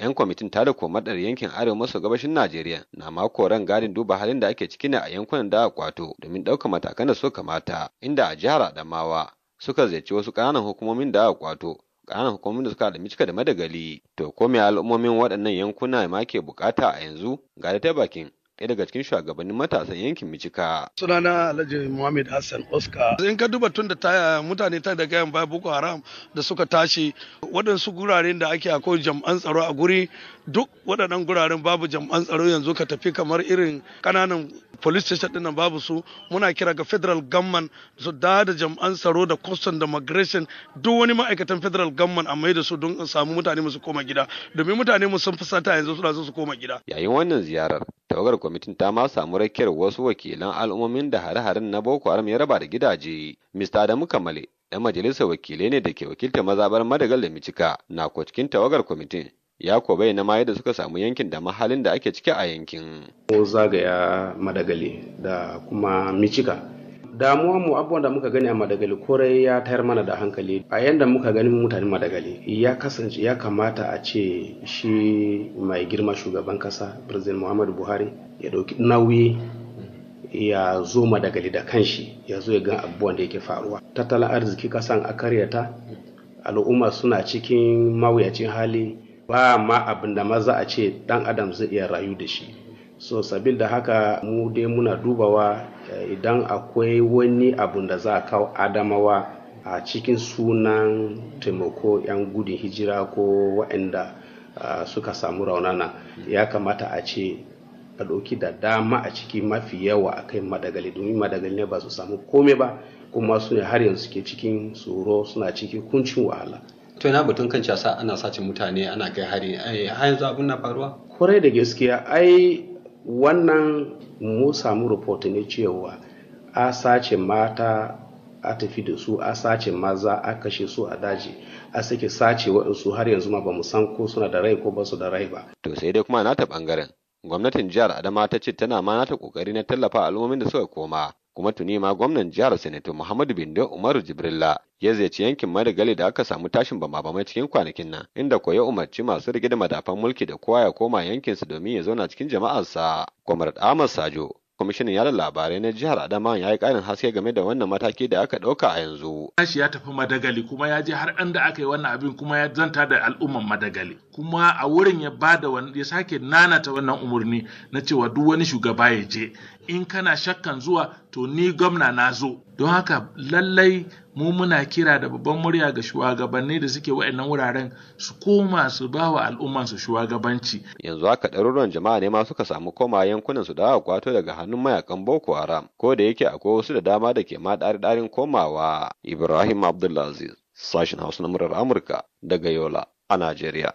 'yan kwamitin tada komadar yankin arewa maso gabashin najeriya na mako ran gadin duba halin da ake ciki ne a yankunan da kwato domin ɗaukar matakan da suka kamata inda a jihar adamawa suka ziyarci wasu ƙananan hukumomin da kwato ƙananan hukumomin da suka da da madagali to ko me al'ummomin waɗannan yankuna ma ke bukata a yanzu ga da ta bakin ɗaya daga cikin shugabannin matasan yankin Mijika. Sunana Alhaji Muhammad Hassan Oscar. In ka duba tun da ta mutane ta daga yan baya Boko Haram da suka tashi waɗansu guraren da ake akwai jam'an tsaro a guri duk waɗannan guraren babu jam'an tsaro yanzu ka tafi kamar irin ƙananan police station ɗin babu su muna kira ga federal gamman su da da jam'an tsaro da custom da migration duk wani ma'aikatan federal gamman a mai da su don samu mutane su koma gida domin mutane mu sun fusata yanzu suna so su koma gida. Yayin wannan ziyarar tawagar kwamitin ta ma samu rakiyar wasu wakilan al'ummomin da hare-haren na Boko Haram ya raba da gidaje. Mr. Adamu Kamale, ɗan majalisar wakilai ne da ke wakiltar mazabar Madagal da Micika na ko cikin tawagar kwamitin. Ya ko bayyana ma yadda suka samu yankin da mahalin da ake ciki a yankin. Ko zagaya Madagali da kuma Micika Damuwa mu abubuwan da muka gani a madagali korai ya tayar mana da hankali a yadda muka gani mutane madagali ya kasance ya kamata a ce shi mai girma shugaban kasa president muhammadu buhari ya dauki nauyi ya zo madagali da kanshi ya zo ya gan abubuwan da yake faruwa tattalin arziki kasan a karyata al'umma suna cikin mawuyacin hali ba ma abin da maza a ce dan adam zai iya rayu da shi so sabil da haka mu dai muna dubawa eh, idan akwai wani abun da za a kawo adamawa a cikin sunan taimako 'yan gudun hijira ko waɗanda ah, suka samu raunana ya kamata a ce a ɗauki da dama a ciki mafi yawa a kai madagali domin madagali ne ba su samu kome ba kuma su ne har yanzu ke cikin tsoro suna cikin kuncin wahala to yana batun kan casa ana sace mutane ana kai hari eh, har yanzu abin na faruwa kwarai da gaskiya ai wannan mu samu rahoto ne cewa a sace mata a tafi da su a sace maza a kashe su a daji a sake sace waɗansu har yanzu ma ba mu san ko suna da rai ko ba su da rai ba. To sai dai kuma ta ɓangaren gwamnatin jihar Adama ta ce tana ma ta ƙoƙari na tallafa al'ummomin da suka koma kuma tuni ma gwamnan jihar sanato muhammadu bindo umaru jibrilla ya ziyarci yankin madagali da aka samu tashin bama-bamai cikin kwanakin nan inda ko ya umarci masu rike da madafan mulki da kowa ya koma yankinsa domin ya zauna cikin jama'ar sa kwamar ahmad sajo kwamishinan yaran labarai na jihar adama ya yi karin haske game da wannan mataki da aka ɗauka a yanzu shi ya tafi madagali kuma ya je har da aka yi wannan abin kuma ya zanta da al'umman madagali kuma a wurin ya bada ya sake nanata wannan umarni na cewa duk wani shugaba ya je in kana shakkan zuwa to ni gwamna na zo don haka lallai mu muna kira da babban murya ga shugabanni da suke wa'annan wuraren su koma su ba wa al'umma su shugabanci yanzu haka ɗaruruwan jama'a ne ma suka samu koma yankunan su dawo kwato daga hannun mayakan boko haram ko da yake akwai wasu da dama da ke ma ɗari komawa ibrahim abdulaziz sashen hausa na murar amurka daga yola a najeriya